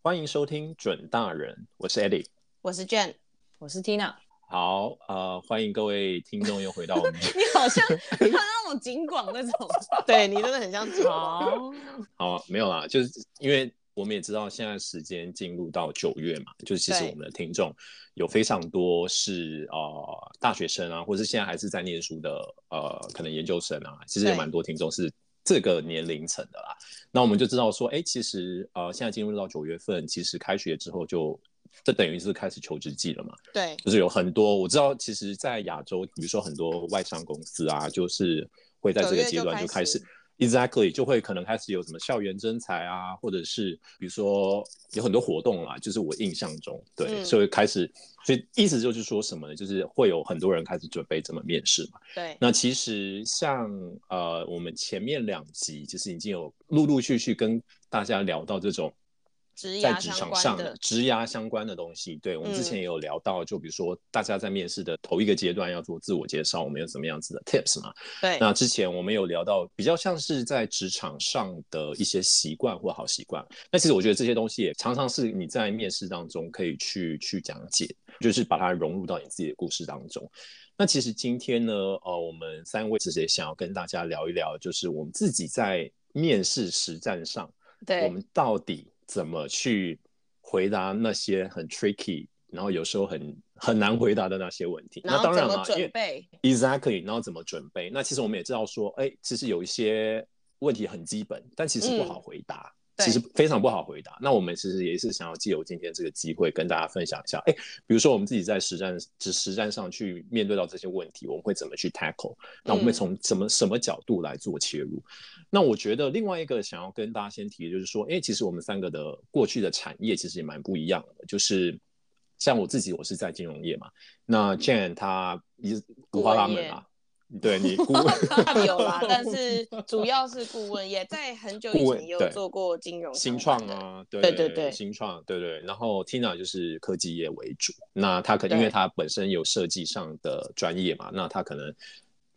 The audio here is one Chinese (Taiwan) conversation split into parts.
歡迎收聽準大人，我是 Eddie，我是 Jane，我是 Tina。好，呃，歡迎各位聽眾又回到我們。 你好像，你好像那種警廣那種， 對你真的很像潮。好，好，沒有啦，就是因為我們也知道現在時間進入到九月嘛，就是其實我們的聽眾有非常多是呃大學生啊，或是現在還是在念書的呃可能研究生啊，其實有蠻多聽眾是。這個年齡層的啦，那我們就知道說，哎，其實呃，現在進入到九月份，其實開學之後就，這等於是開始求職季了嘛。對，就是有很多我知道，其實在亞洲，比如說很多外商公司啊，就是會在這個階段就開始。Exactly，就會可能開始有什麼校園徵才啊，或者是比如說有很多活動啦，就是我印象中，對，嗯、所以開始，所以意思就是說什麼呢？就是會有很多人開始準備怎麼面試嘛。對，那其實像呃，我們前面兩集就是已經有陸陸續續跟大家聊到這種。在職場上的，職涯相關的東西，對，我們之前也有聊到，嗯、就比如說大家在面試的頭一個階段要做自我介紹，我們有什麼樣子的 tips 嘛？對，那之前我們有聊到比較像是在職場上的一些習慣或好習慣，那其實我覺得這些東西也常常是你在面試當中可以去去講解，就是把它融入到你自己的故事當中。那其實今天呢，呃，我們三位其實想要跟大家聊一聊，就是我們自己在面試實戰上，對，我們到底。怎麼去回答那些很 tricky、然後有時候很很難回答的那些問題？那當然了，準備 exactly，然後怎麼準備？那其實我們也知道說，哎，其實有一些問題很基本，但其實不好回答。嗯對其實非常不好回答。那我們其實也是想要借由今天這個機會跟大家分享一下。哎，比如說我們自己在實戰、在實戰上去面對到這些問題，我們會怎麼去 tackle？那我們會從怎麼什麼角度來做切入？嗯、那我覺得另外一個想要跟大家先提的就是說，哎，其實我們三個的過去的產業其實也蠻不一樣的。就是像我自己，我是在金融業嘛。嗯、那 Jan 他也你是五花八門啊。 對你顧顧問 有啦， 但是主要是顧問， 也在很久以前有做過金融新創啊，對，新創啊，對，對對對，新創，對對。然後 Tina 就是科技業為主，那他可能對因為他本身有設計上的專業嘛，那他可能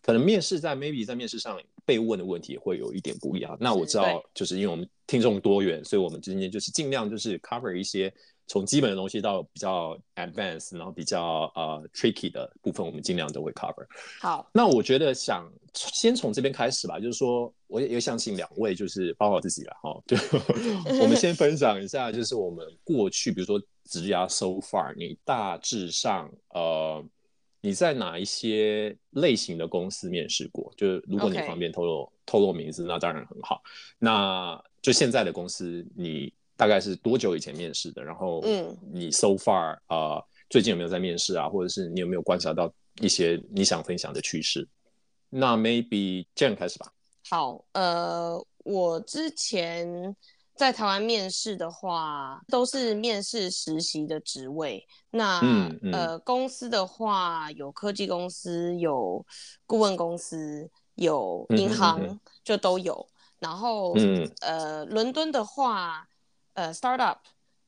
可能面試在 maybe 在面試上被問的問題會有一點不一樣。那我知道，就是因為我們聽眾多元，所以我們今天就是盡量就是 cover 一些。從基本的東西到比較 advanced，然後比較呃、uh, tricky 的部分，我們盡量都會 cover。好，那我覺得想先從這邊開始吧，就是說我也也想請兩位就是包括我自己了哈，就、哦、 我們先分享一下，就是我們過去比如說職涯 so far，你大致上呃你在哪一些類型的公司面試過？就是如果你方便透露 Okay. 透露名字，那當然很好。那就現在的公司你。大概是多久以前面試的？然後，嗯，你 so far 啊、嗯呃，最近有沒有在面試啊？或者是你有沒有觀察到一些你想分享的趨勢？那 maybe 這樣開始吧。好，呃，我之前在台灣面試的話，都是面試實習的職位。那，嗯嗯、呃，公司的話有科技公司，有顧問公司，有銀行，就都有。嗯、然後，嗯，呃，倫敦的話。呃，startup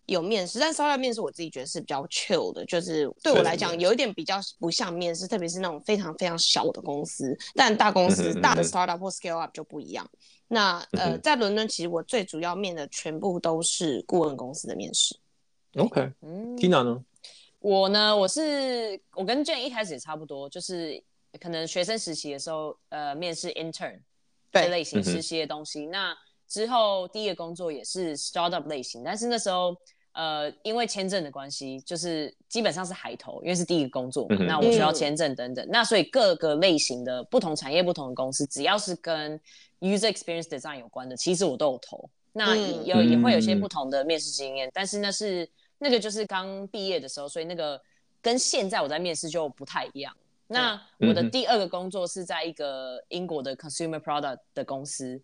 有面試，但 startup 面試我自己覺得是比較 chill 的，就是對我來講有一點比較不像面試，特別是那種非常非常小的公司。但大公司， 大的 startup 或 scale up 就不一樣。那呃，在倫敦其實我最主要面的全部都是顧問公司的面試。OK，嗯，Tina 呢？我呢？我是我跟 Jane 一開始也差不多，就是可能學生實習的時候，呃，面試 intern 對這類型實習的東西。 那之後第一個工作也是 startup 類型，但是那時候呃，因為簽證的關係，就是基本上是海投，因為是第一個工作嘛，mm hmm. 那我需要簽證等等，mm hmm. 那所以各個類型的、不同產業、不同的公司，只要是跟 user experience design 有關的，其實我都有投。Mm hmm. 那也有也會有些不同的面試經驗，mm hmm. 但是那是那個就是剛畢業的時候，所以那個跟現在我在面試就不太一樣。Mm hmm. 那我的第二個工作是在一個英國的 consumer product 的公司。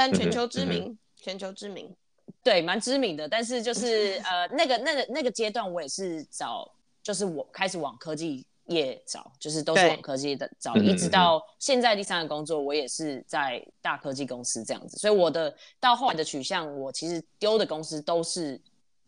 但全球知名，嗯嗯、全球知名，對，蠻知名的。但是就是呃，那個、那個、那個階段，我也是找，就是我開始往科技業找，就是都是往科技業的找，對一直到現在第三個工作，嗯、哼我也是在大科技公司這樣子。所以我的到後來的取向，我其實丟的公司都是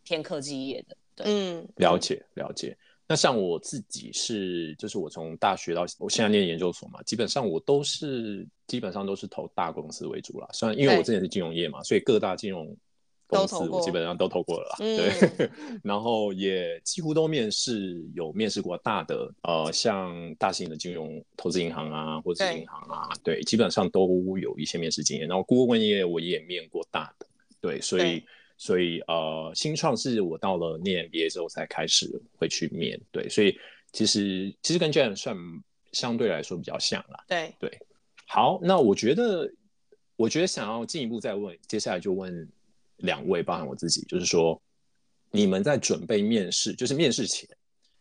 偏科技業的。對，嗯，了解，了解。那像我自己是，就是我從大學到我現在念研究所嘛，基本上我都是基本上都是投大公司為主啦。雖然因為我之前是金融業嘛，對所以各大金融公司我基本上都投過，都投過了。對，嗯、 然後也幾乎都面試，有面試過大的，呃，像大型的金融投資銀行啊，或者是銀行啊，對，對，基本上都有一些面試經驗。然後顧問業我也面過大的，對，所以。所以呃，新創是我到了念畢業之後才開始會去面對，所以其實其實跟 Jane 算相對來說比較像啦。對對，好，那我覺得，我覺得想要進一步再問，接下來就問兩位，包含我自己，就是說你們在準備面試，就是面試前，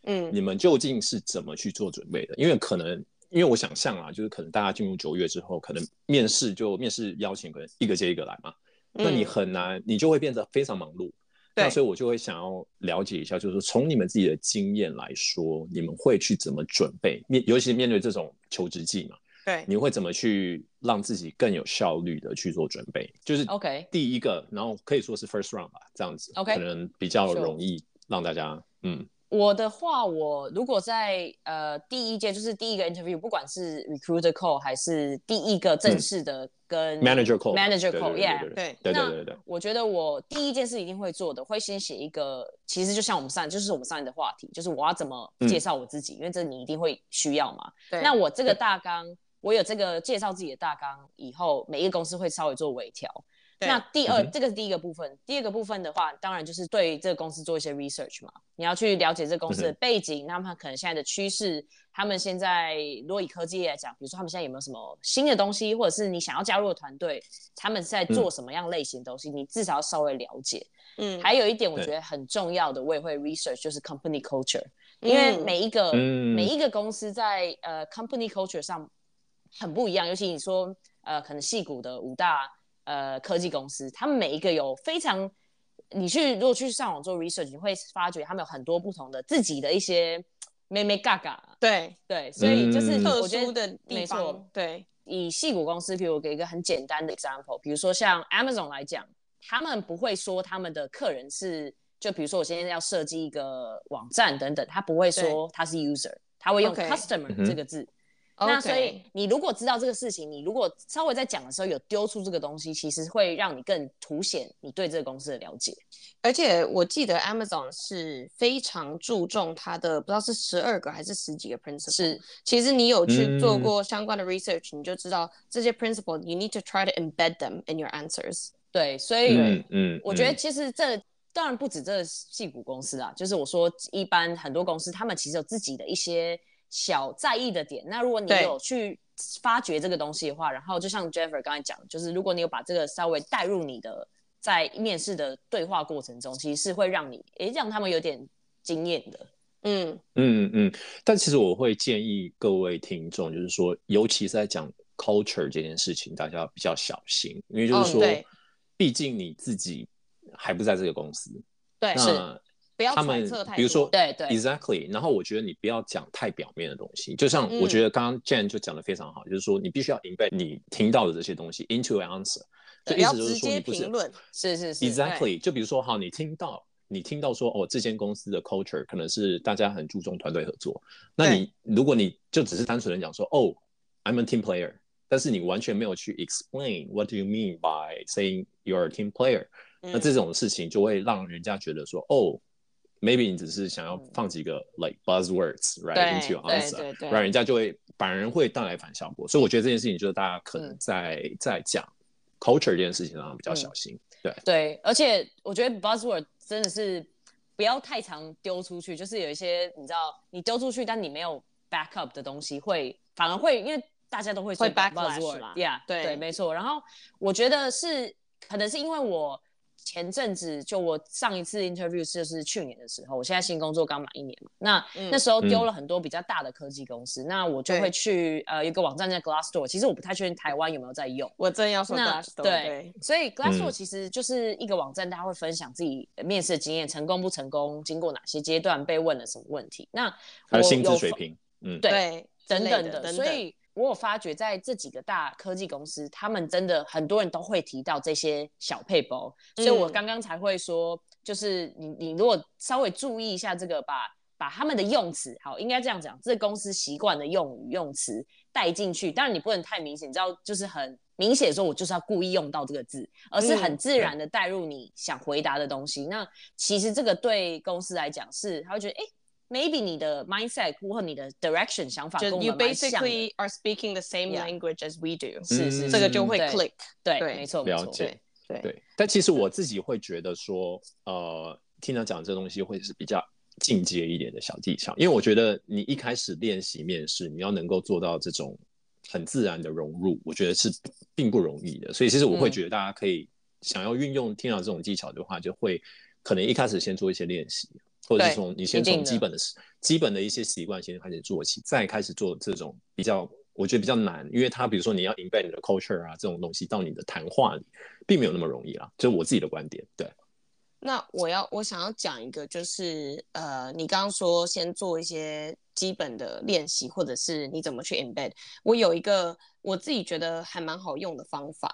嗯，你們究竟是怎麼去做準備的？因為可能因為我想象啊，就是可能大家進入九月之後，可能面試就面試邀請可能一個接一個來嘛。那你很難，嗯、你就會變得非常忙碌。對那所以我就會想要了解一下，就是從你們自己的經驗來說，你們會去怎麼準備？面，尤其是面對這種求職季嘛，對，Okay. 你會怎麼去讓自己更有效率的去做準備？就是 OK，第一個，Okay. 然後可以說是 first round 吧，這樣子 OK，可能比較容易讓大家 Sure. 嗯。我的話，我如果在呃第一件就是第一個 interview，不管是 recruiter call 還是第一個正式的跟 manager call、嗯、manager call，manager call，yeah，對，對，對，對，對，對，yeah, 對，那對，對，對，對，對，對，我覺得我第一件事一定會做的，會先寫一個，其實就像我們上就是我們上一的話題，就是我要怎麼介紹我自己，嗯、因為這你一定會需要嘛。對那我這個大綱，對我有這個介紹自己的大綱以後，每一個公司會稍微做微調。那第二，對這個是第一個部分。嗯、哼第二個部分的話，當然就是對於這個公司做一些 research 嘛，你要去了解這個公司的背景，他們、嗯、哼可能現在的趨勢，他們現在如果以科技來講，比如說他們現在有沒有什麼新的東西，或者是你想要加入的團隊，他們在做什麼樣類型的東西，嗯、你至少要稍微了解。嗯，還有一點我覺得很重要的，我也會 research 就是 company culture，、嗯、因為每一個、嗯、每一個公司在呃 company culture 上很不一樣，尤其你說呃可能矽谷的五大。呃，科技公司，他們每一個有非常，你去如果去上網做 research，你會發覺他們有很多不同的自己的一些眉眉角角，對對，對所以就是特殊的地方。對。以矽谷公司，比如我給一個很簡單的 example，比如說像 Amazon 來講，他們不會說他們的客人是，就比如說我現在要設計一個網站等等，他不會說他是 user，對他會用 customer Okay 這個字。嗯那所以，你如果知道這個事情，Okay. 你如果稍微在講的時候有丟出這個東西，其實會讓你更凸顯你對這個公司的了解。而且我記得 Amazon 是非常注重它的，不知道是十二個還是十幾個 principles。是，其實你有去做過相關的 research，、mm hmm. 你就知道這些 principles，you need to try to embed them in your answers。對，所以，嗯，我覺得其實這當然不止這幾個公司啊，就是我說一般很多公司，他們其實有自己的一些。小在意的點，那如果你有去發掘這個東西的話，對然後就像 Jennifer 剛才講，就是如果你有把這個稍微帶入你的在面試的對話過程中，其實是會讓你誒、欸，讓他們有點驚豔的。嗯嗯嗯。但其實我會建議各位聽眾，就是說，尤其是在講 culture 這件事情，大家要比較小心，因為就是說，嗯、畢竟你自己還不在這個公司。對，那是。他們比如說、exactly,，對對，exactly。然後我覺得你不要講太表面的東西，就像我覺得剛剛 Jane 就講的非常好，嗯、就是說你必須要 embed 你聽到的這些東西 into an answer，就對意思就是說你不是評論，是是是，exactly 對。就比如說哈，你聽到你聽到說哦，這間公司的 culture 可能是大家很注重團隊合作，那你對如果你就只是單純的講說哦，I'm a team player，但是你完全沒有去 explain what do you mean by saying you're a team player，、嗯、那這種事情就會讓人家覺得說哦。Maybe 你只是想要放幾個、嗯、like buzzwords right 對 into your answer，然後人家就會反而會帶來反效果。嗯、所以我覺得這件事情就是大家可能在、嗯、在講 culture 這件事情上比較小心。嗯、對對，而且我覺得 buzzword 真的是不要太常丟出去，就是有一些你知道你丟出去，但你沒有 backup 的東西會反而會，因為大家都會說 buzzword 嘛。對 Yeah, 對，對沒錯。然後我覺得是可能是因為我。前陣子就我上一次 interview 就是去年的時候，我現在新工作剛滿一年嘛，那那時候丟了很多比較大的科技公司，那我就會去呃一個網站叫 Glassdoor，其實我不太確定台灣有沒有在用，我真要說 Glassdoor 對，所以 Glassdoor 其實就是一個網站，大家會分享自己面試經驗，成功不成功，經過哪些階段，被問了什麼問題，那還有薪資水平，嗯，對，等等的，所以。我有發覺，在這幾個大科技公司，他們真的很多人都會提到這些小配包，嗯、所以我剛剛才會說，就是你你如果稍微注意一下這個，把把他們的用詞，好，應該這樣講，這公司習慣的用語用詞帶進去，當然你不能太明顯，你知道，就是很明顯說我就是要故意用到這個字，而是很自然的帶入你想回答的東西。嗯、那其實這個對公司來講是，他會覺得，哎、欸。Maybe 你的 mindset 或你的 direction 想法，就 you basically are speaking the same language Yeah. as we do，是是，是這個就會 click，對，對沒錯沒錯，了解，對對。對對，但其實我自己會覺得說，呃，聽到講這東西會是比較進階一點的小技巧，因為我覺得你一開始練習面試，你要能夠做到這種很自然的融入，我覺得是並不容易的。所以其實我會覺得大家可以、嗯、想要運用聽到這種技巧的話，就會可能一開始先做一些練習。或者是從你先從基本的、的基本的一些習慣先開始做起，再開始做這種比較，我覺得比較難，因為他比如說你要 embed 你的 culture 啊這種東西到你的談話裡，並沒有那麼容易啦。就是我自己的觀點。對。那我要我想要講一個，就是呃，你剛剛說先做一些基本的練習，或者是你怎麼去 embed，我有一個我自己覺得還蠻好用的方法。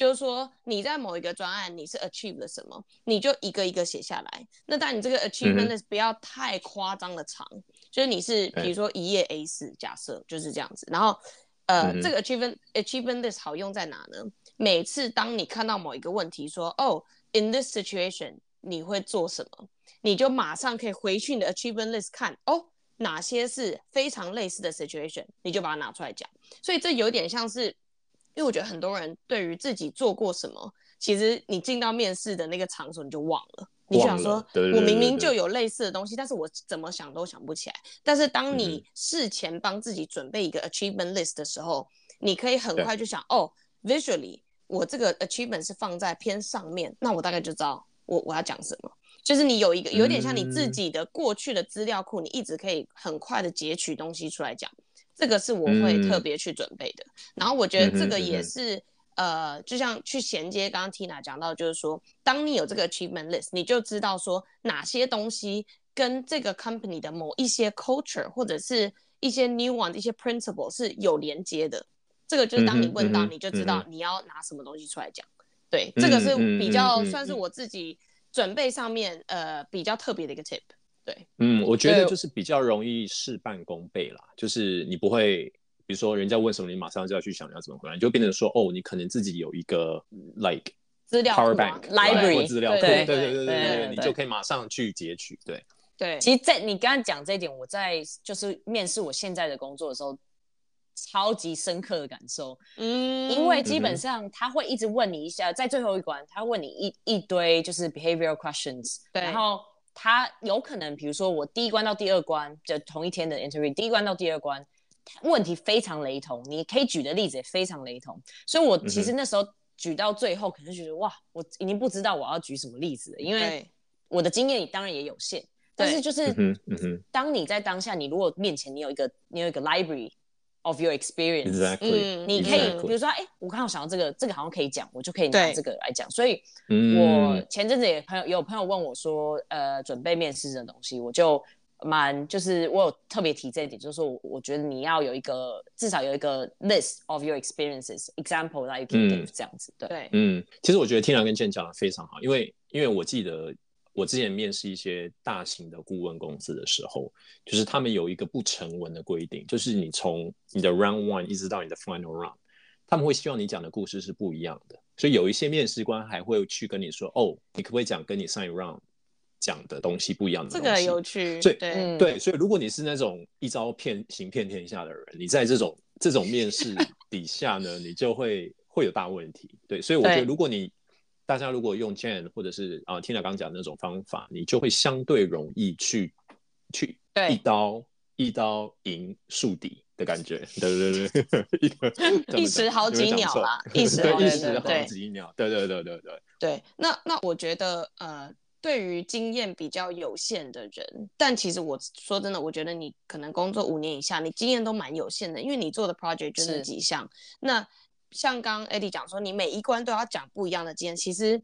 就是說你在某一個專案，你是 achieve 了什麼，你就一個一個寫下來。那但你這個 achievement list、嗯、哼不要太誇張的長，就是你是比如說一頁 A4、嗯、哼假設就是這樣子。然後，呃，這個 achievement、嗯、哼 achievement list 好用在哪呢？每次當你看到某一個問題，說哦、oh、in this situation 你會做什麼，你就馬上可以回去你的 achievement list 看，哦，哪些是非常類似的 situation，你就把它拿出來講。所以這有點像是。因為我覺得很多人對於自己做過什麼，其實你進到面試的那個場所你就忘了，忘了你就想說，對對對對對，我明明就有類似的東西，但是我怎麼想都想不起來。但是當你事前幫自己準備一個 achievement list 的時候，嗯、你可以很快就想對哦，visually 我這個 achievement 是放在偏上面，那我大概就知道我我要講什麼。就是你有一個有一點像你自己的過去的資料庫，嗯、你一直可以很快的截取東西出來講。這個是我會特別去準備的，嗯、然後我覺得這個也是，嗯、哼呃，就像去銜接剛剛 Tina 講到，就是說，當你有這個 achievement list，你就知道說哪些東西跟這個 company 的某一些 culture 或者是一些 new one 一些 principle 是有連接的。這個就是當你問到，嗯、哼你就知道你要拿什麼東西出來講。嗯、哼對，這個是比較算是我自己準備上面呃比較特別的一個 tip。對，嗯，我覺得就是比較容易事半功倍啦。就是你不會，比如說人家問什麼，你馬上就要去想要怎麼回來，你就變成說，哦，你可能自己有一個 like 資料 powerbank library 資料庫，對對對對對，你就可以馬上去截取，對對。其實，在你剛剛講這一點，我在就是面試我現在的工作的時候，超級深刻的感受，嗯，因為基本上他會一直問你一下，在最後一關，他問你一一堆就是 behavioral questions，然後。他有可能，比如說我第一關到第二關，就同一天的 interview，第一關到第二關，問題非常雷同，你可以舉的例子也非常雷同。所以，我其實那時候舉到最後，可能覺得、嗯、哼哇，我已經不知道我要舉什麼例子了，因為我的經驗當然也有限。對但是，就是當你在當下，你如果面前你有一個你有一個 library。Of your experience，嗯，你可以比如說，哎、欸，我剛好想到這個，這個好像可以講，我就可以拿這個來講。對所以，我前陣子也有朋友有朋友問我說，呃，準備面試的東西，我就蠻就是我有特別提這一點，就是我我覺得你要有一個至少有一個 list of your experiences example，that you can give，嗯。這樣子，對，嗯，其實我覺得天良跟健講得非常好，因為因為我記得，我之前面試一些大型的顧問公司的時候，就是他們有一個不成文的規定，就是你從你的 round one 一直到你的 final round，他們會希望你講的故事是不一樣的。所以有一些面試官還會去跟你說：“哦，你可不可以講跟你上一 round 講的東西不一樣的東西？”這個很有趣。以對對對，所以如果你是那種一招騙行騙天下的人，你在這種這種面試底下呢， 你就會會有大問題。對，所以我覺得如果你大家如果用 Gen 或者是啊，聽了剛講的那種方法，你就會相對容易去去一刀對一刀贏樹底的感覺， 對對對， 一 一時好幾秒啊， 一時一時好幾秒，對對對對對。對，那那我覺得呃，對於經驗比較有限的人，但其實我說真的，我覺得你可能工作五年以下，你經驗都蠻有限的，因為你做的 project 就是幾項，是那。像剛 Eddie 講說，你每一關都要講不一樣的經驗，其實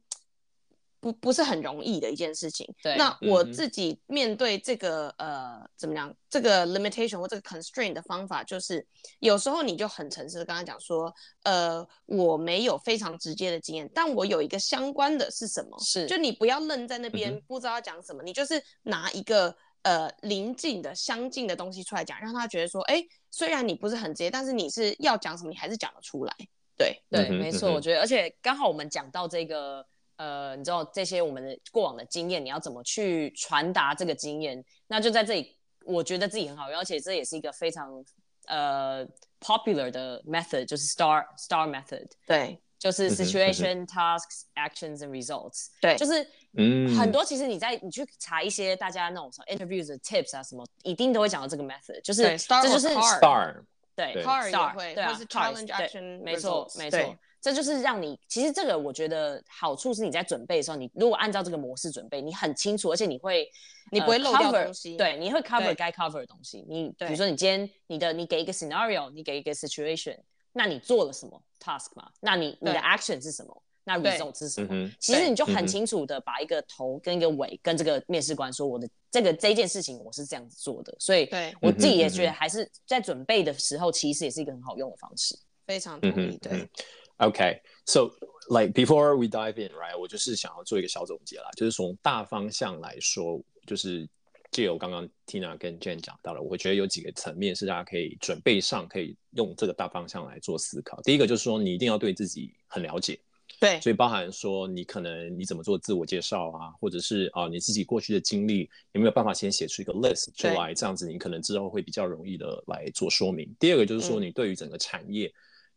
不不是很容易的一件事情。對，那我自己面對這個、嗯、哼呃，怎麼樣，這個 limitation 或者這個 constraint 的方法，就是有時候你就很誠實的跟他講說，呃，我沒有非常直接的經驗，但我有一個相關的是什麼？是，就你不要愣在那邊不知道要講什麼，嗯、哼你就是拿一個呃鄰近的、相近的東西出來講，讓他覺得說，哎、欸，雖然你不是很直接，但是你是要講什麼，你還是講得出來。對對，沒錯，我覺得，而且剛好我們講到這個，呃，你知道這些我們的過往的經驗，你要怎麼去傳達這個經驗？那就在這裡，我覺得自己很好用，而且這也是一個非常呃 popular 的 method，就是 STAR STAR method。對，就是 situation、mm hmm, tasks actions and results。對，就是嗯，很多其實你在你去查一些大家那種什麼 interviews tips 啊，什麼一定都會講到這個 method，就是這就是 STAR。對對，STAR 會，或者是 challenge action 沒錯，沒錯，對這就是讓你，其實這個我覺得好處是你在準備的時候，你如果按照這個模式準備，你很清楚，而且你會，你不會漏掉、呃、cover, 東西，對，你會 cover 該 cover 的東西。對你比如說，你今天你的你給一個 scenario，你給一個 situation，那你做了什麼 task 嘛？那你對你的 action 是什麼？那 result 是什麼？其實，嗯、其實你就很清楚的把一個頭跟一個尾跟這個面試官說，我的這個這件事情我是這樣子做的，對所以我自己也覺得還是在準備的時候，其實也是一個很好用的方式，非常同意。嗯、哼對，OK，so，okay. like before we dive in,right？我就是想要做一個小總結啦，就是從大方向來說，就是借由剛剛 Tina 跟 Jen 講到了，我覺得有幾個層面是大家可以準備上可以用這個大方向來做思考。第一個就是說，你一定要對自己很了解。對，所以包含說你可能你怎麼做自我介紹啊，或者是啊、呃、你自己過去的經歷，你有沒有辦法先寫出一個 list 出來，對這樣子你可能之後會比較容易的來做說明。第二個就是說你對於整個產業、嗯、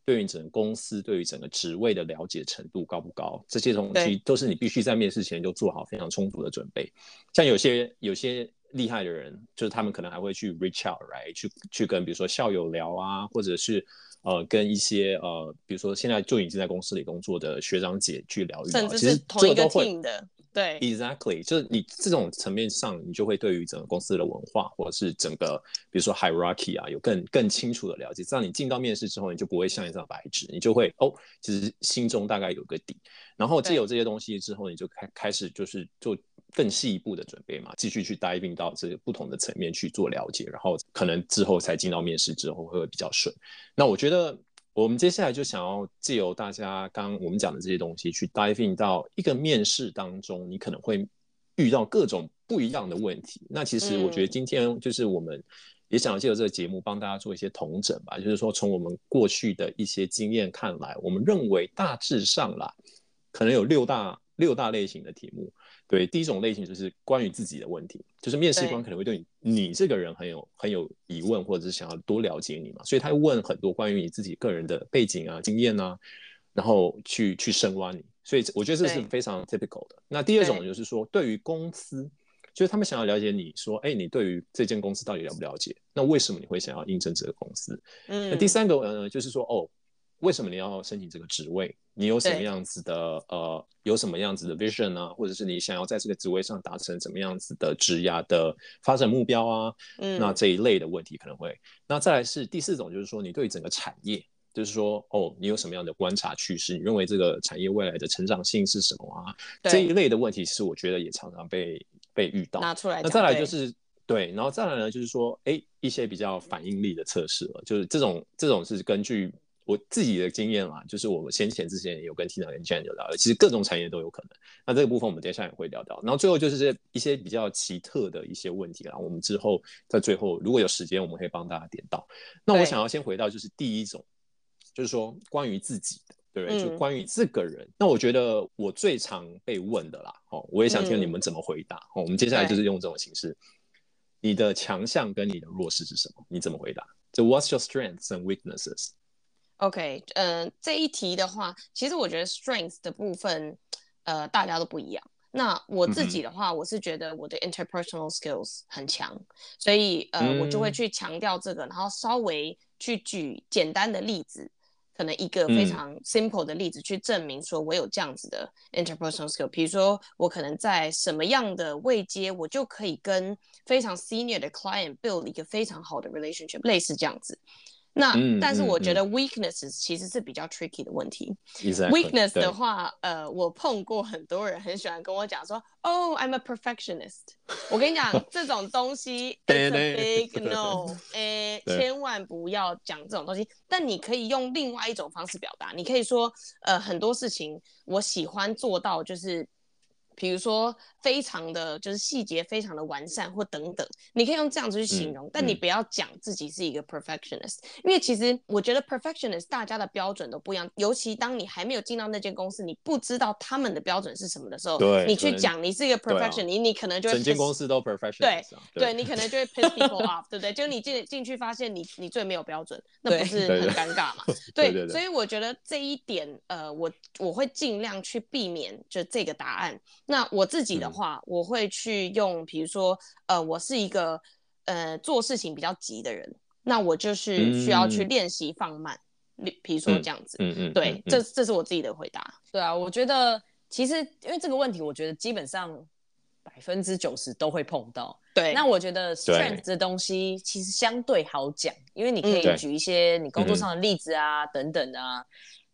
對於整個公司、對於整個職位的了解程度高不高，這些東西都是你必須在面試前就做好非常充足的準備。對像有些有些厲害的人，就是他們可能還會去 reach out 來、right? 去去跟比如說校友聊啊，或者是。呃，跟一些呃，比如說現在就已經在公司裡工作的學長姐去聊一聊，甚至是同一個 team 的，其實這個都會的，對，exactly，就是你這種層面上，你就會對於整個公司的文化，或者是整個比如說 hierarchy 啊，有更更清楚的了解。這樣你進到面試之後，你就不會像一張白紙，你就會哦，其實心中大概有個底。然後既有這些東西之後，你就開開始就是做更細一步的準備嘛，繼續去 diving 到這個不同的層面去做了解，然後可能之後才進到面試之後會，會比較順。那我覺得我們接下來就想要借由大家剛，剛我們講的這些東西，去 diving 到一個面試當中，你可能會遇到各種不一樣的問題。那其實我覺得今天就是我們也想要借由這個節目幫大家做一些統整吧，嗯、就是說從我們過去的一些經驗看來，我們認為大致上啦，可能有六大六大類型的題目。對，第一種類型就是關於自己的問題，就是面試官可能會對你對你這個人很有很有疑問，或者是想要多了解你嘛，所以他會問很多關於你自己個人的背景啊、經驗啊，然後去去深挖你。所以我覺得這是非常 typical 的。對那第二種就是說，對於公司，對就是他們想要了解你說，哎，你對於這間公司到底了不了解？那為什麼你會想要應徵這個公司？嗯，那第三個呃，就是說，哦。為什麼你要申請這個職位？你有什麼樣子的對呃，有什麼樣子的 vision 呢、啊？或者是你想要在這個職位上達成什麼樣子的職涯的發展目標啊？嗯，那這一類的問題可能會。那再來是第四種，就是說你對整個產業，就是說哦，你有什麼樣的觀察趨勢？你認為這個產業未來的成長性是什麼啊？對這一類的問題是我覺得也常常被被遇到，拿出來講。那再來就是對，然後再來呢，就是說哎、欸，一些比較反應力的測試了，嗯、就是這種這種是根據。我自己的經驗啦，就是我先前之前有跟 Tina 跟 Jane 聊到，其實各種產業都有可能。那這個部分我們接下來也會聊到。然後最後就是一些比較奇特的一些問題啦，我們之後在最後如果有時間，我們可以幫大家點到。那我想要先回到就是第一種，對就是說關於自己的，對不對？嗯、就關於這個人。那我覺得我最常被問的啦，哦，我也想聽你們怎麼回答。嗯、哦，我們接下來就是用這種形式，對你的強項跟你的弱勢是什麼？你怎麼回答？就 What's your strengths and weaknesses？OK，嗯、呃，這一題的話，其實我覺得 strength 的部分，呃，大家都不一樣。那我自己的話，嗯、我是覺得我的 interpersonal skills 很強，所以呃，嗯、我就會去強調這個，然後稍微去舉簡單的例子，可能一個非常 simple 的例子，嗯、去證明說我有這樣子的 interpersonal skills。比如說，我可能在什麼樣的位階，我就可以跟非常 senior 的 client build 一個非常好的 relationship，類似這樣子。那、嗯、但是我覺得 weakness、嗯嗯、其實是比較 tricky 的問題。Exactly, weakness 的話，對呃，我碰過很多人很喜歡跟我講說，哦、oh,，I'm a perfectionist。 我跟你講，這種東西 is a big no，千萬不要講這種東西。但你可以用另外一種方式表達，你可以說，呃，很多事情我喜歡做到就是。比如說，非常的就是細節非常的完善，或等等，你可以用這樣子去形容，嗯、但你不要講自己是一個 perfectionist，、嗯、因為其實我覺得 perfectionist 大家的標準都不一樣，尤其當你還沒有進到那間公司，你不知道他們的標準是什麼的時候，對你去講你是一個 perfection，對你你可能就會 ace，、啊、整間公司都 perfection，、啊、對對，對，你可能就會 piss people off， 對不對？就你進進去發現你你最沒有標準，對那不是很尷尬嘛？對對，對，對，對，對，所以我覺得這一點，呃，我我會盡量去避免就這個答案。那我自己的話，嗯、我會去用，比如說，呃，我是一個，呃，做事情比較急的人，那我就是需要去練習放慢，嗯、比如說這樣子。嗯嗯。對，嗯嗯嗯、這這是我自己的回答。嗯嗯、對啊，我覺得其實因為這個問題，我覺得基本上百分之九十都會碰到。對。那我覺得 strength 這東西其實相對好講，對因為你可以舉一些你工作上的例子啊，嗯、等等啊。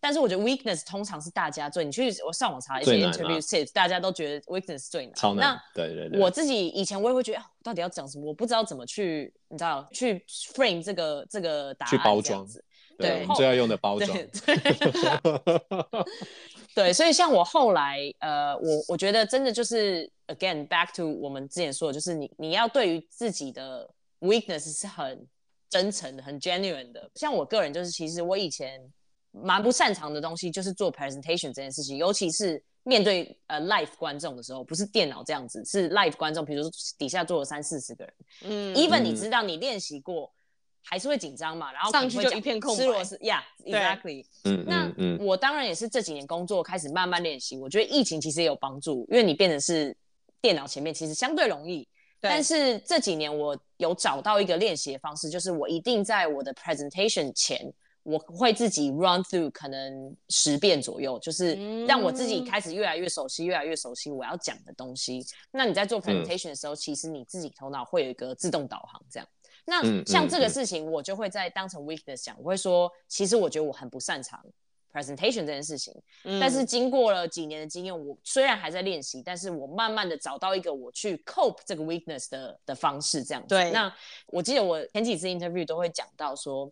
但是我覺得 weakness 通常是大家最你去我上網查一些 interviews，、啊、大家都覺得 weakness 最難。超難。那對，對對，我自己以前我也會覺得我、啊、到底要講什麼？我不知道怎麼去，你知道去 frame 這個這個答案這樣子。去包裝。對，最愛用的包裝。對，所以像我後來呃，我我覺得真的就是 again back to 我們之前說的，就是你你要對於自己的 weakness 是很真誠的、很 genuine 的。像我個人就是，其實我以前。蠻不擅長的東西就是做 presentation 這件事情，尤其是面對呃 live 觀眾的時候，不是電腦這樣子，是 live 觀眾，比如說底下坐了三四十個人，嗯，even 你知道你練習過，嗯、還是會緊張嘛，然後會講上去就一片空白，是是，yeah，exactly，對嗯，嗯那嗯我當然也是這幾年工作開始慢慢練習，我覺得疫情其實也有幫助，因為你變成是電腦前面其實相對容易，對但是這幾年我有找到一個練習的方式，就是我一定在我的 presentation 前。我會自己 run through 可能十遍左右，就是讓我自己開始越來越熟悉，越來越熟悉我要講的東西。那你在做 presentation 的時候，嗯、其實你自己頭腦會有一個自動導航，這樣。那像這個事情，我就會在當成 weakness 講，我會說，其實我覺得我很不擅長 presentation 這件事情。嗯、但是經過了幾年的經驗，我雖然還在練習，但是我慢慢的找到一個我去 cope 這個 weakness 的的方式，這樣。對。那我記得我前幾次 interview 都會講到說。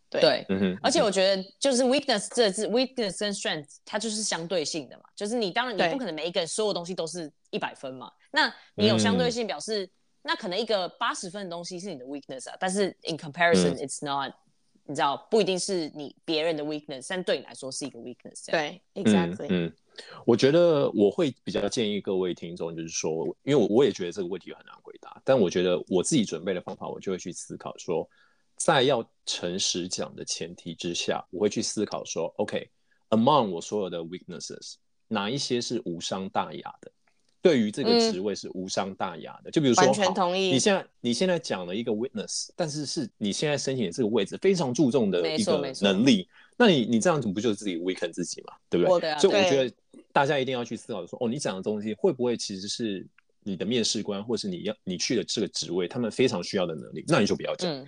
對，嗯哼，而且我覺得就是 weakness 這是、嗯、哼 weakness and strength 它就是相對性的嘛，就是你當然你不可能每一個人所有東西都是一百分嘛，對那你有相對性表示，嗯、那可能一個八十分的東西是你的 weakness 啊，但是 in comparison、嗯、it's not，你知道不一定是你別人的 weakness，但對你來說是一個 weakness。對，exactly 嗯。嗯，我覺得我會比較建議各位聽眾就是說，因為我我也覺得這個問題很難回答，但我覺得我自己準備的方法，我就會去思考說。在要誠實講的前提之下，我會去思考說，OK，Among、okay, 我所有的 weaknesses，哪一些是無傷大雅的？對於這個職位是無傷大雅的。嗯、就比如說，完全同意。你現在你現在講了一個 weakness，但是是你現在申請的這個位置非常注重的一個能力，那你你這樣子不就自己 weaken 自己嘛？對不對？所以我、啊、我覺得大家一定要去思考說，哦，你講的東西會不會其實是你的面試官，或是你要你去的這個職位他們非常需要的能力？那你就不要講。嗯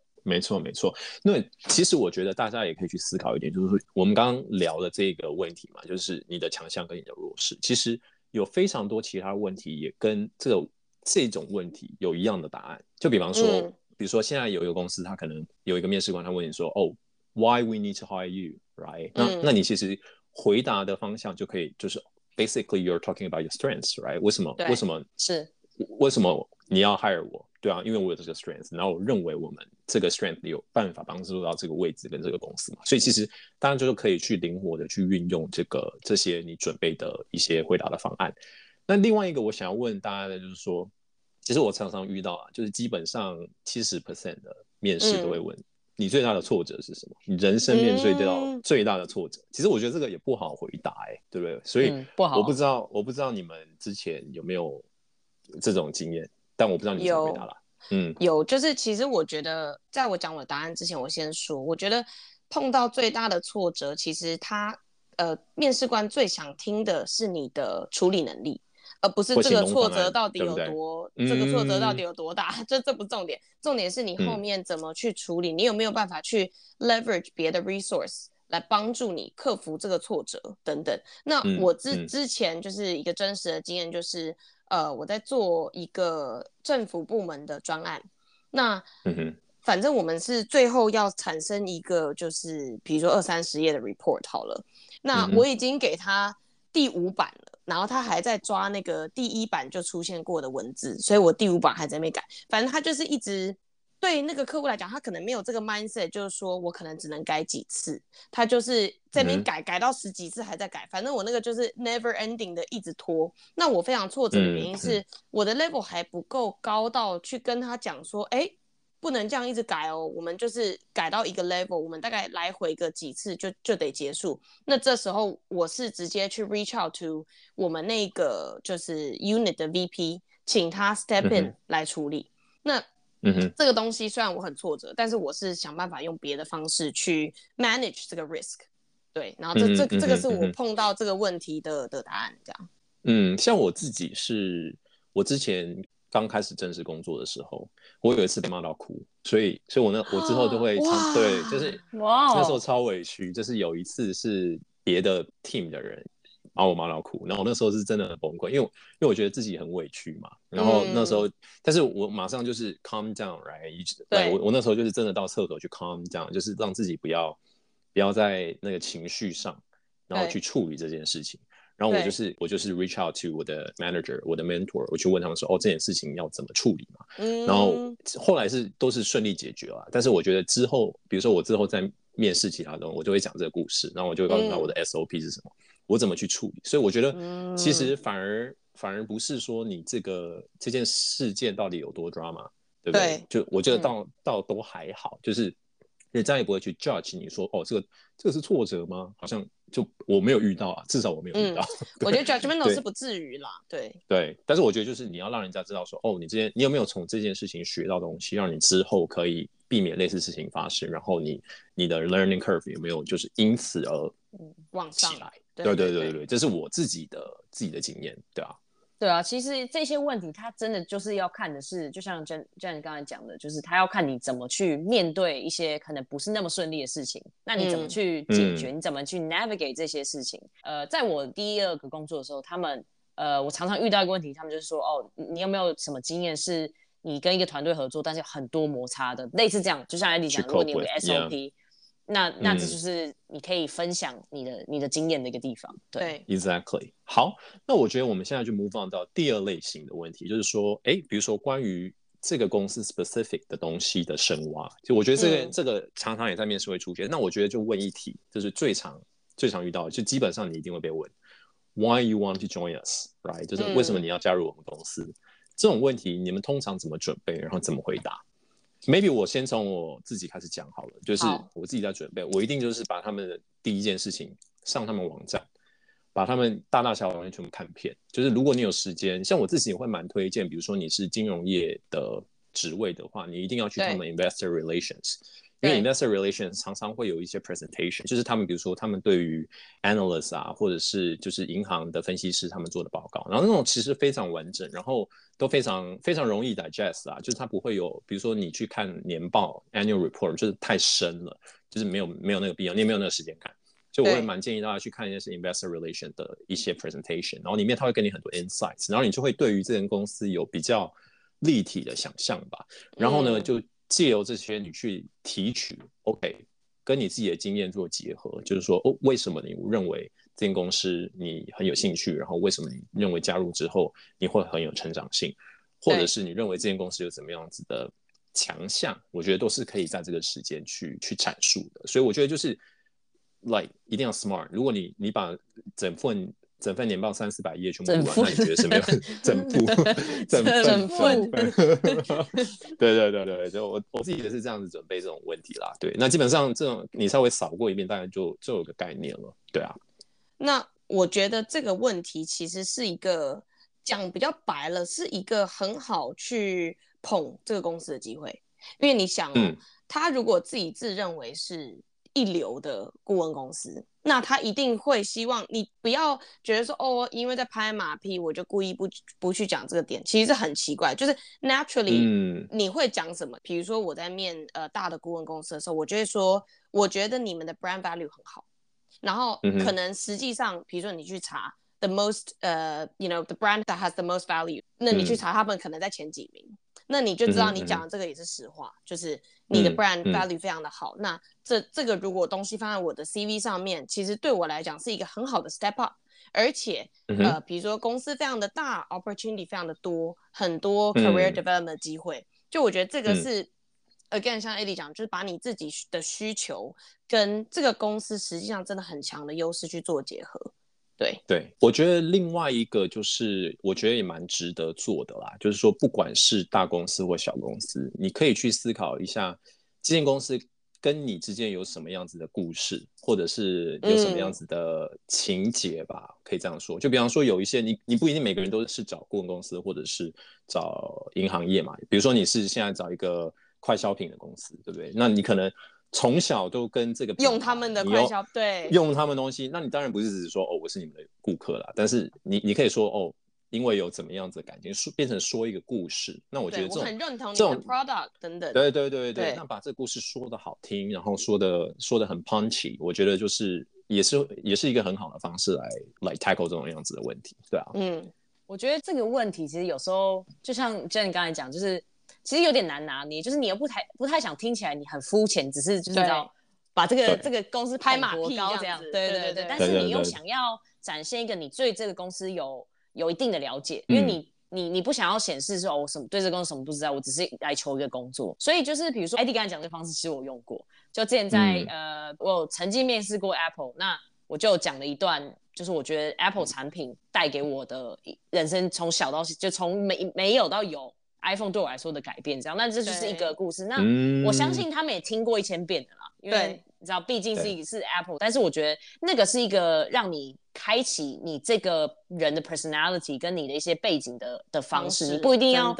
沒錯，沒錯。那其實我覺得大家也可以去思考一點，就是說我們剛剛聊的這個問題嘛，就是你的強項跟你的弱勢，其實有非常多其他問題也跟這種、個、這種問題有一樣的答案。就比方說，嗯、比如說現在有一個公司，他可能有一個面試官，他問你說，哦，Why we need to hire you, right？、嗯、那那你其實回答的方向就可以，就是 Basically you're talking about your strengths, right？為什麼？對為什麼？是。為什麼你要 hire 我？對啊，因為我有這個 strength，然後我認為我們這個 strength 有辦法幫助到這個位置跟這個公司嘛。所以其實大家就是可以去靈活的去運用這個這些你準備的一些回答的方案。那另外一個我想要問大家的就是說，其實我常常遇到啊，就是基本上七十 percent 的面試都會問、嗯、你最大的挫折是什麼？你人生面對到最大的挫折，嗯、其實我覺得這個也不好回答、欸，誒，對不對？所以不好，我不知道，嗯、不好我不知道你們之前有沒有。這種經驗，但我不知道你有，怎麼回答了。有嗯，有，就是其實我覺得，在我講我的答案之前，我先說，我覺得碰到最大的挫折，其實他呃，面試官最想聽的是你的處理能力，而不是這個挫折到底有多，對對，這個挫折到底有多大，這、嗯、 這不重點，重點是你後面怎麼去處理，嗯、你有沒有辦法去 leverage 別的 resource 來幫助你克服這個挫折等等。那我之、嗯、之前就是一個真實的經驗就是。呃，我在做一個政府部門的專案，那，反正我們是最後要產生一個，就是比如說二三十頁的 report 好了。那我已經給他第五版了，然後他還在抓那個第一版就出現過的文字，所以我第五版還在沒改，反正他就是一直。對於那個客戶來講，他可能沒有這個 mindset，就是說我可能只能改幾次，他就是這邊改，嗯、哼改到十幾次還在改，反正我那個就是 never ending 的一直拖。那我非常挫折的原因是，我的 level 還不夠高到去跟他講說，哎，嗯哼，不能這樣一直改哦，我們就是改到一個 level，我們大概來回個幾次就就得結束。那這時候我是直接去 reach out to 我們那個就是 unit 的 VP，請他 step in 來處理。嗯、哼那嗯，這個東西雖然我很挫折，但是我是想辦法用別的方式去 manage 這個 risk，對，然後這、嗯、這這個是我碰到這個問題的、嗯、的答案，這樣。嗯，像我自己是，我之前剛開始正式工作的時候，我有一次被罵到哭，所以所以，我那我之後就會，哇對，就是哇那時候超委屈，就是有一次是別的 team 的人。然後我媽老哭，然後我那時候是真的很崩潰，因為因為我覺得自己很委屈嘛。然後那時候，嗯、但是我馬上就是 calm down，right？對，我我那時候就是真的到廁所去 calm down，就是讓自己不要不要在那個情緒上，然後去處理這件事情。哎、然後我就是對我就是 reach out to 我的 manager，我的 mentor，我去問他們說，哦，這件事情要怎麼處理嘛？嗯，然後後來是都是順利解決了。但是我覺得之後，比如說我之後在面試其他東西，我就會講這個故事，然後我就會告訴他我的 SOP 是什麼。嗯我怎麼去處理？所以我覺得，其實反而、嗯、反而不是說你這個這件事件到底有多 drama，對不對？對，就我覺得到、嗯、到都還好，就是人家也不會去 judge 你說，哦，這個這個是挫折嗎？好像就我沒有遇到啊，至少我沒有遇到。嗯、 對我覺得 judgmental 是不至於啦，對對，對。但是我覺得就是你要讓人家知道說，哦，你之前你有沒有從這件事情學到東西，讓你之後可以避免類似事情發生，然後你，你的 learning curve 有沒有就是因此而、嗯、往上來？對，對對對對，這是我自己的自己的經驗，對啊，對啊。其實這些問題，他真的就是要看的是，就像 Jen Jen 剛才講的，就是他要看你怎麼去面對一些可能不是那麼順利的事情，那你怎麼去解決？嗯、你怎麼去 navigate 這些事情？嗯、呃，在我第二個工作的時候，他們呃，我常常遇到一個問題，他們就是說，哦，你有沒有什麼經驗，是你跟一個團隊合作，但是有很多摩擦的，類似這樣，就像艾弟講，如果你有個 SOP、嗯。那那這就是你可以分享你的、嗯、你的經驗的一個地方，對，Exactly。好，那我覺得我們現在就 move on 到第二類型的問題，就是說，哎、欸，比如說關於這個公司 specific 的東西的深挖，就我覺得這個、嗯、這個常常也在面試會出現。那我覺得就問一題，就是最常最常遇到，就基本上你一定會被問，Why you want to join us？Right？就是為什麼你要加入我們公司？嗯、這種問題你們通常怎麼準備，然後怎麼回答？嗯 maybe 我先從我自己開始講好了，就是我自己在準備，好我一定就是把他們的第一件事情上他們網站，把他們大大小小完全看遍。就是如果你有時間，像我自己會蠻推薦，比如說你是金融業的職位的話，你一定要去他們 Investor Relations。因為 investor relations 常常會有一些 presentation，Okay. 就是他們比如說他們對於 analysts 啊，或者是就是銀行的分析師他們做的報告，然後那種其實非常完整，然後都非常非常容易 digest 啊，就是它不會有，比如說你去看年報 annual report 就是太深了，就是沒有沒有那個必要，你也沒有那個時間看，所以我也蠻建議大家去看一些 investor relation 的一些 presentation，然後裡面他會給你很多 insights，然後你就會對於這間公司有比較立體的想象吧，然後呢就。嗯借由這些你去提取，OK，跟你自己的經驗做結合，就是說哦，為什麼你認為這間公司你很有興趣，然後為什麼你認為加入之後你會很有成長性，或者是你認為這間公司有怎麼樣子的強項，對我覺得都是可以在這個時間去去闡述的。所以我覺得就是，like 一定要 smart。如果你你把整份整份年報三四百頁全部不完，整份 那你覺得是沒有整部？整整份？對對對對，就我我自己也是這樣子準備這種問題啦。對，那基本上這種你稍微掃過一遍，大概就就有個概念了。對啊。那我覺得這個問題其實是一個講比較白了，是一個很好去捧這個公司的機會，因為你想，他、嗯、如果自己自認為是一流的顧問公司。那他一定會希望你不要覺得說哦，因為在拍馬屁，我就故意不不去講這個點，其實是很奇怪。就是 naturally，你會講什麼？嗯、比如說我在面呃大的顧問公司的時候，我就會說，我覺得你們的 brand value 很好。然後可能實際上，嗯、哼比如說你去查 the most，呃、uh，you know, the brand that has the most value，那你去查他們可能在前幾名，嗯、那你就知道你講的這個也是實話，嗯、哼就是。你的 brand value 非常的好，嗯嗯、那這這個如果東西放在我的 CV 上面，其實對我來講是一個很好的 step up，而且、嗯、哼呃，比如說公司非常的大，opportunity 非常的多，很多 career development 機會，嗯、就我覺得這個是、嗯、again 像艾迪講，就是把你自己的需求跟這個公司實際上真的很強的優勢去做結合。對對，我覺得另外一個就是，我覺得也蠻值得做的啦。就是說，不管是大公司或小公司，你可以去思考一下，這間公司跟你之間有什麼樣子的故事，或者是有什麼樣子的情節吧，嗯、可以這樣說。就比方說，有一些你，你不一定每個人都是找顧問公司，或者是找銀行業嘛。比如說，你是現在找一個快消品的公司，對不對？那你可能。從小都跟這個用他們的快消對用他們東西，對那你當然不是只是說哦，我是你們的顧客啦。但是你你可以說哦，因為有怎麼樣子的感情，說變成說一個故事。那我覺得這種這種 product 等等，對對對對對，對那把這個故事說得好聽，然後說得說得很 punchy，我覺得就是也是也是一個很好的方式來來、like、tackle 這種樣子的問題，對啊。嗯，我覺得這個問題其實有時候就像 Jane 剛才講，就是。其實有點難拿捏，你就是你又不太不太想聽起來你很膚淺，只是就是要對把這個對這個公司拍馬屁高這樣，對對對。對對對，但是你又想要展現一個你對這個公司有有一定的了解，對對對，因為你對對對你你不想要顯示說我什麼對這個公司什麼不知道，我只是來求一個工作。嗯、所以就是比如說，艾迪剛才講的這個方式其實我用過，就之前在、嗯、呃我曾經面試過 Apple，那我就講了一段，就是我覺得 Apple 產品帶給我的人生從小到小、嗯、就從沒沒有到有。iPhone 對我來說的改變，這樣，那這就是一個故事。對那我相信他們也聽過一千遍的啦，嗯、因為你知道，畢竟是一次 Apple，對但是我覺得那個是一個讓你開啟你這個人的 personality 跟你的一些背景的的方式，嗯、你不一定要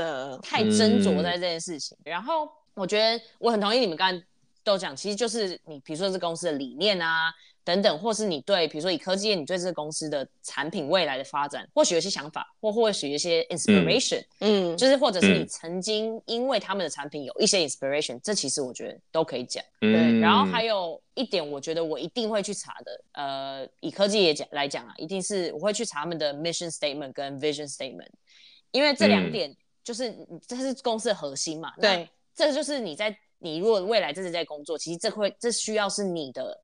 太斟酌在這件事情。嗯、然後我覺得我很同意你們剛剛都講，其實就是你，比如說這公司的理念啊。等等，或是你對，比如說以科技業，你對這個公司的產品未來的發展，或許有些想法，或或許一些 inspiration，嗯，就是或者是你曾經因為他們的產品有一些 inspiration，、嗯、這其實我覺得都可以講。嗯、對然後還有一點，我覺得我一定會去查的，呃，以科技業講來講啊，一定是我會去查他們的 mission statement 跟 vision statement，因為這兩點就是、嗯、這是公司的核心嘛。對，這就是你在你如果未來這是在工作，其實這塊這需要是你的。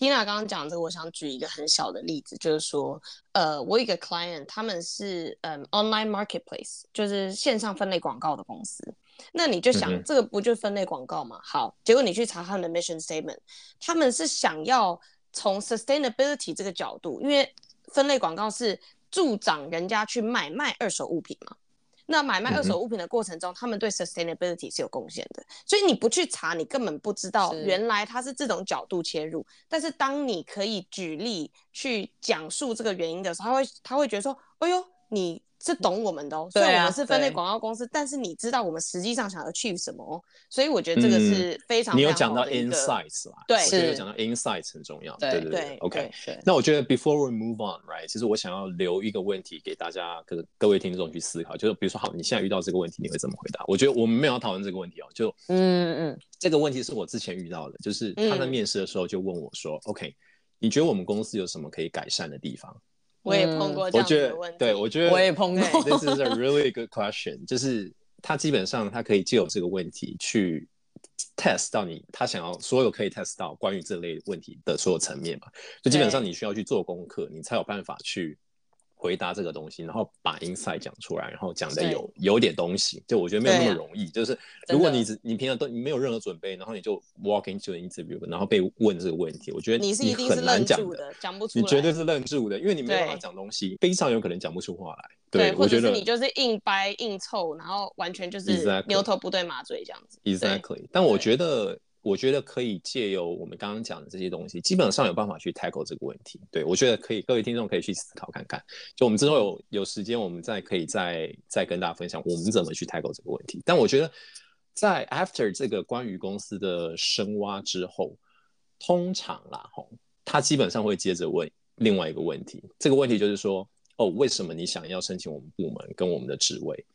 Tina 剛剛講這個，我想舉一個很小的例子，就是說，呃，我一個 client，他們是嗯 online marketplace，就是線上分類廣告的公司。那你就想，嗯哼，這個不就分類廣告嗎？好，結果你去查他們的 mission statement，他們是想要從 sustainability 這個角度，因為分類廣告是助長人家去買賣二手物品嘛。那買賣二手物品的過程中，嗯、哼他們對 sustainability 是有貢獻的。所以你不去查，你根本不知道原來他是這種角度切入。是，但是當你可以舉例去講述這個原因的時候，他會他會覺得說：“哎呦，你。”是懂我們的，雖然我們是分類廣告公司。但是你知道我們實際上想要去什麼？所以我覺得這個是非常，你有講到 insights 啊，對，我覺得有講到 insights 很重要。對對對，OK。那我覺得 before we move on，right，其實我想要留一個問題給大家，各各位聽眾去思考，就是比如說好，你現在遇到這個問題，你會怎麼回答？我覺得我們沒有要討論這個問題哦，就嗯嗯嗯，這個問題是我之前遇到的，就是他在面試的時候就問我說，OK，你覺得我們公司有什麼可以改善的地方？我也碰過這樣的問題，對我覺得，對我，覺得我也碰過。This is a really good question， 就是他基本上他可以借由這個問題去 test 到你，他想要所有可以 test 到關於這類問題的所有層面嘛？就基本上你需要去做功課，對你才有辦法去。回答這個東西，然後把 inside 講出來，然後講的有有點東西，就我覺得沒有那麼容易。就是如果你只你平常都沒有任何準備，然後你就 walk into an interview，然後被問這個問題，我覺得你是一定是愣住的，講不出來。你絕對是愣住的，因為你沒有辦法講東西，非常有可能講不出話來。對，我覺得你就是硬掰硬湊，然後完全就是牛頭不對馬嘴這樣子。Exactly，但我覺得。我覺得可以借由我們剛剛講的這些東西，基本上有辦法去 tackle 這個問題。對，我覺得可以，各位聽眾可以去思考看看。就我們之後有有時間，我們再可以再再跟大家分享我們怎麼去 tackle 這個問題。但我覺得，在 after 這個關於公司的深挖之後，通常啦吼、哦，他基本上會接着問另外一個問題。這個問題就是說，哦，為什麼你想要申請我們部門跟我們的職位？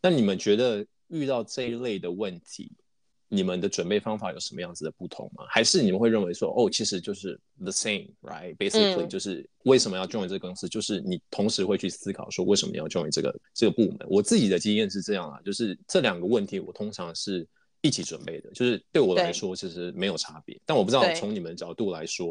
那你們覺得遇到這一類的問題？你們的準備方法有什麼樣子的不同嗎？還是你們會認為說，哦，其實就是 the same，right？Basically，、嗯、就是為什麼要 join 這個公司，就是你同時會去思考說為什麼要 join 這個這個部門。我自己的經驗是這樣啊，就是這兩個問題我通常是一起準備的，就是對我來說其實沒有差別。對但我不知道從你們角度來說，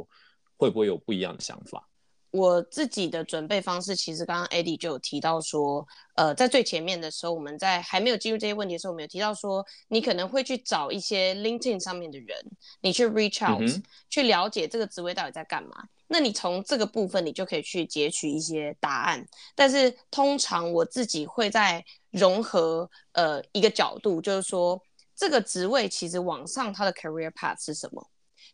對會不會有不一樣的想法？我自己的準備方式，其實剛剛 Eddie 就有提到說，呃，在最前面的時候，我們在還沒有進入這些問題的時候，我們有提到說，你可能會去找一些 LinkedIn 上面的人，你去 reach out，去了解這個職位到底在幹嘛。嗯、哼那你從這個部分，你就可以去擷取一些答案。但是通常我自己會再融合呃一個角度，就是說這個職位其實往上它的 career path 是什麼，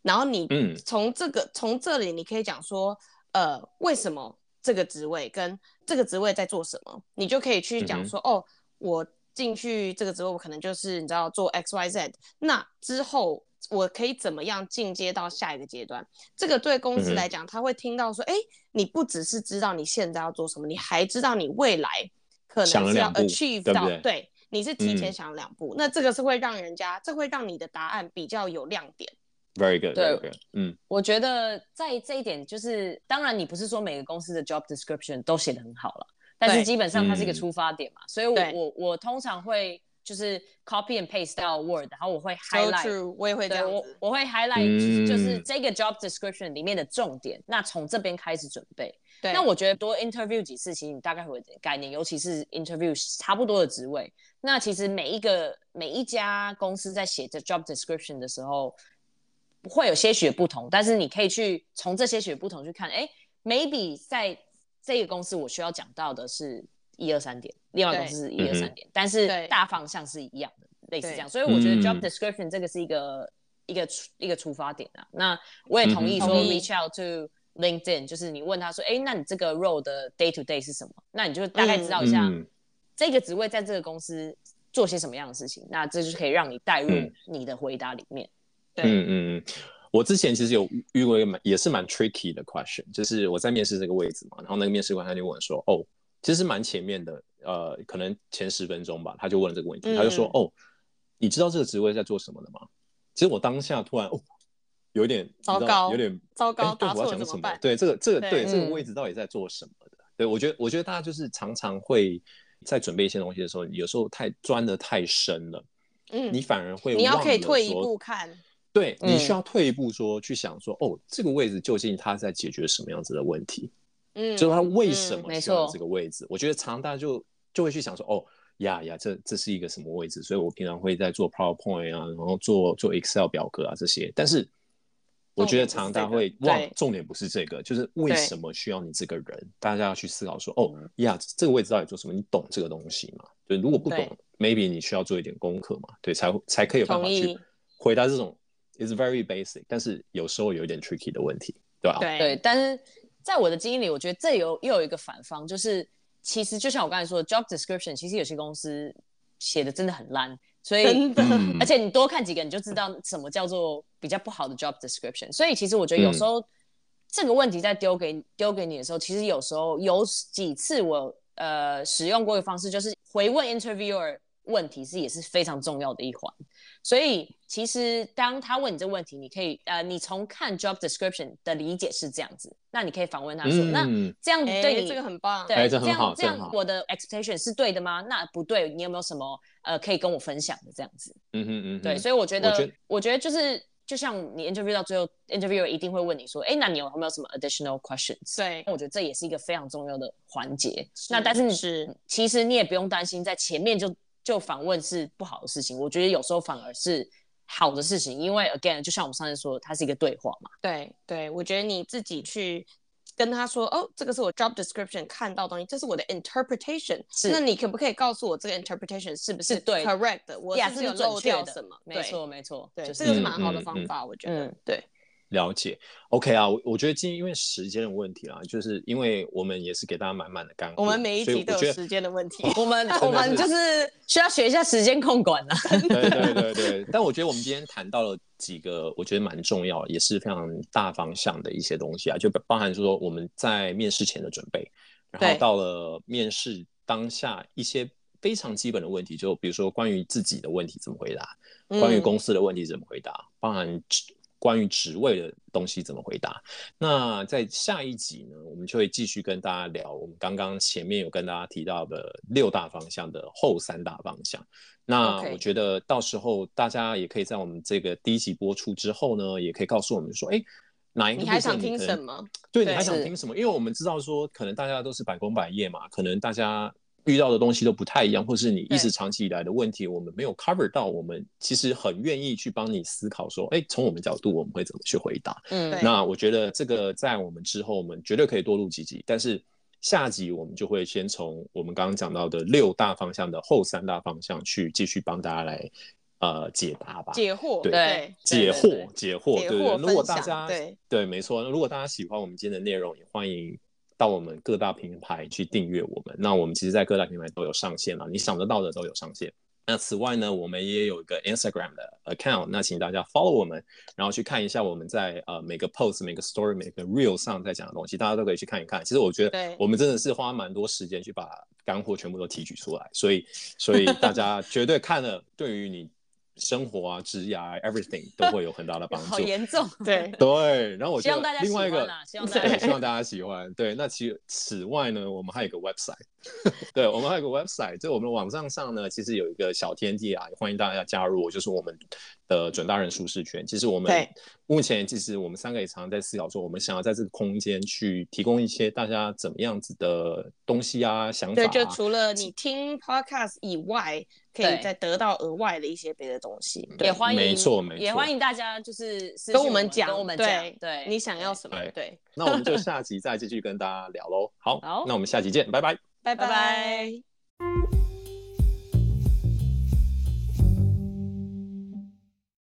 然後你從這個從、嗯、這裡你可以講說。呃，為什麼這個職位跟這個職位在做什麼，你就可以去講說，嗯、哼哦，我進去這個職位，我可能就是你知道做 X Y Z，那之後我可以怎麼樣進階到下一個階段？這個對公司來講，嗯、哼他會聽到說，哎、欸，你不只是知道你現在要做什麼，你還知道你未來可能是要 achieve 到，對，對，你是提前想兩步，嗯、那這個是會讓人家，這會讓你的答案比較有亮點。Very good，對，嗯，very good. 我覺得在這一點，就是當然你不是說每個公司的 job description 都寫得很好了，但是基本上它是一個出發點嘛，對所以我，嗯、我我我通常會就是 copy and paste 到 Word，然後我會 highlight，、so、我也會這樣我，我會 highlight、就是、就是這個 job description 裡面的重點，那從這邊開始準備。對，那我覺得多 interview 幾次，其實你大概會有點概念，尤其是 interview 差不多的職位。那其實每一個每一家公司在寫這 job description 的時候，會有些許的不同，但是你可以去從這些許的不同去看，哎，maybe 在這個公司我需要講到的是一二三點，另外一個公司是一二三點，對但是大方向是一樣的，對類似這樣，對所以我覺得 job description 這個是一個、嗯、一個出一個出發點啊。那我也同意說 reach out to LinkedIn，、嗯嗯、就是你問他說，哎，那你這個 role 的 day to day 是什麼？那你就大概知道一下、嗯嗯、這個職位在這個公司做些什麼樣的事情，那這就是可以讓你帶入你的回答裡面。嗯對嗯嗯嗯，我之前其實有遇過一個蠻也是蠻 tricky 的 question，就是我在面試這個位置嘛，然後那個面試官他就問說，哦，其實是蠻前面的，呃，可能前十分鐘吧，他就問了這個問題，嗯、他就說，哦，你知道這個職位在做什麼的嗎？其實我當下突然，哦、有點糟糕，有點糟糕，答個、欸、怎麼辦？這這這對這個這個對這個位置到底在做什麼的？嗯、對我覺得我覺得大家就是常常會在準備一些東西的時候，有時候太鑽得太深了，嗯，你反而會忘了你要可以退一步看。對，你需要退一步說，嗯、去想說，哦，這個位置究竟他在解決什麼樣子的問題？嗯，就是他為什麼需要這個位置？嗯、我覺得常大就就會去想說，哦，呀、yeah, 呀、yeah,，這這是一個什麼位置？所以我平常會在做 PowerPoint 啊，然後做做 Excel 表格啊這些。但是我覺得常大會忘，重點，這個、重點不是這個，就是為什麼需要你這個人？對大家要去思考說，哦，呀、yeah,，這個位置到底做什麼？你懂這個東西嗎？對，如果不懂、嗯、，maybe 你需要做一點功課嘛？對，才會才可以有辦法去回答這種。is very basic，但是有時候有點 tricky 的問題，對吧、啊？對，但是在我的經歷裡，我覺得這有又有一個反方，就是其實就像我剛才說的，job description，其實有些公司寫的真的很爛，所以，的而且你多看幾個，你就知道什麼叫做比較不好的 job description。所以，其實我覺得有時候、嗯、這個問題在丟給丟給你的時候，其實有時候有幾次我呃使用過的方式就是回問 interviewer 問題是也是非常重要的一環，所以。其實，當他問你這個問題，你可以，呃，你從看 job description 的理解是這樣子，那你可以反問他說，那這樣子對，這個很棒，對，這樣這樣，我的 expectation 是對的嗎？那不對，你有沒有什麼，呃，可以跟我分享的這樣子？嗯嗯嗯，對，所以我覺得，我覺得就是，就像你 interview 到最後，interviewer 一定會問你說，哎，那你有沒有什麼 additional questions？對，那我覺得這也是一個非常重要的環節。那但是是，其實你也不用擔心在前面就就反問是不好的事情，我覺得有時候反而是，好的事情，因為 again，就像我們上次說的，它是一個對話嘛。對對，我覺得你自己去跟他說，哦，這個是我 job description 看到東西，這是我的 interpretation。是，那你可不可以告訴我這個 interpretation 是不是，cor 的是對 correct？我是，是有漏掉什麼？沒錯沒錯，對，這個是，就是蠻好的方法，我覺得。嗯，嗯對。了解，OK 啊，我我覺得今天因為時間的問題了，就是因為我們也是給大家滿滿的乾貨，我們每一集都有時間的問題，我, 我們我們就是需要學一下時間控管了、啊。 對,對,對對對，但我覺得我們今天談到了幾個我覺得蠻重要，也是非常大方向的一些東西啊，就包含就說我們在面試前的準備，然後到了面試當下一些非常基本的問題，就比如說關於自己的問題怎麼回答，關於公司的問題怎麼回答，嗯、包含。關於職位的東西怎麼回答？那在下一集呢，我們就會繼續跟大家聊我們剛剛前面有跟大家提到的六大方向的後三大方向。那我覺得到時候大家也可以在我們這個第一集播出之後呢，也可以告訴我們說，哎，哪一個你，你還想聽什麼？對，你還想聽什麼？因為我們知道說，可能大家都是百工百業嘛，可能大家。遇到的東西都不太一樣，或是你一直長期以來的問題，對我們沒有 cover 到。我們其實很願意去幫你思考，說，哎，從我們角度，我們會怎麼去回答？嗯，那我覺得這個在我們之後，我們絕對可以多錄幾集。但是下集我們就會先從我們剛剛講到的六大方向的後三大方向去繼續幫大家來呃解答吧。解惑，對，對解惑，對對對解惑，解惑對，對，如果大家對，對，沒錯。那如果大家喜歡我們今天的內容，也歡迎。到我們各大平台去訂閱我們，那我們其實，在各大平台都有上線了，你想得到的都有上線。那此外呢，我們也有一個 Instagram 的 account，那請大家 follow 我們，然後去看一下我們在呃每個 post、每個 story、每個 reel 上在講的東西，大家都可以去看一看。其實我覺得我們真的是花蠻多時間去把乾貨全部都提取出來，所以所以大家絕對看了，對於你。 生活啊，職業啊，everything 都會有很大的幫助。 好嚴重，對 對。然後我希望大家另外一個，希望大家喜歡。對，那其實此外呢，我們還有個 website， 對我們還有個 website， 就我們的網站上，上呢，其實有一個小天地啊，歡迎大家加入，就是我們。的準大人舒適圈，其實我們目前，其實我們三個也常常在思考說，我們想要在這個空間去提供一些大家怎麼樣子的東西啊，想法。就除了你聽 podcast 以外，可以再得到額外的一些別的東西，也歡迎，沒錯沒錯，也歡迎大家就是跟我們講，我們對對你想要什麼，對，那我們就下集再繼續跟大家聊嘍。好，那我們下集見，拜拜，拜拜。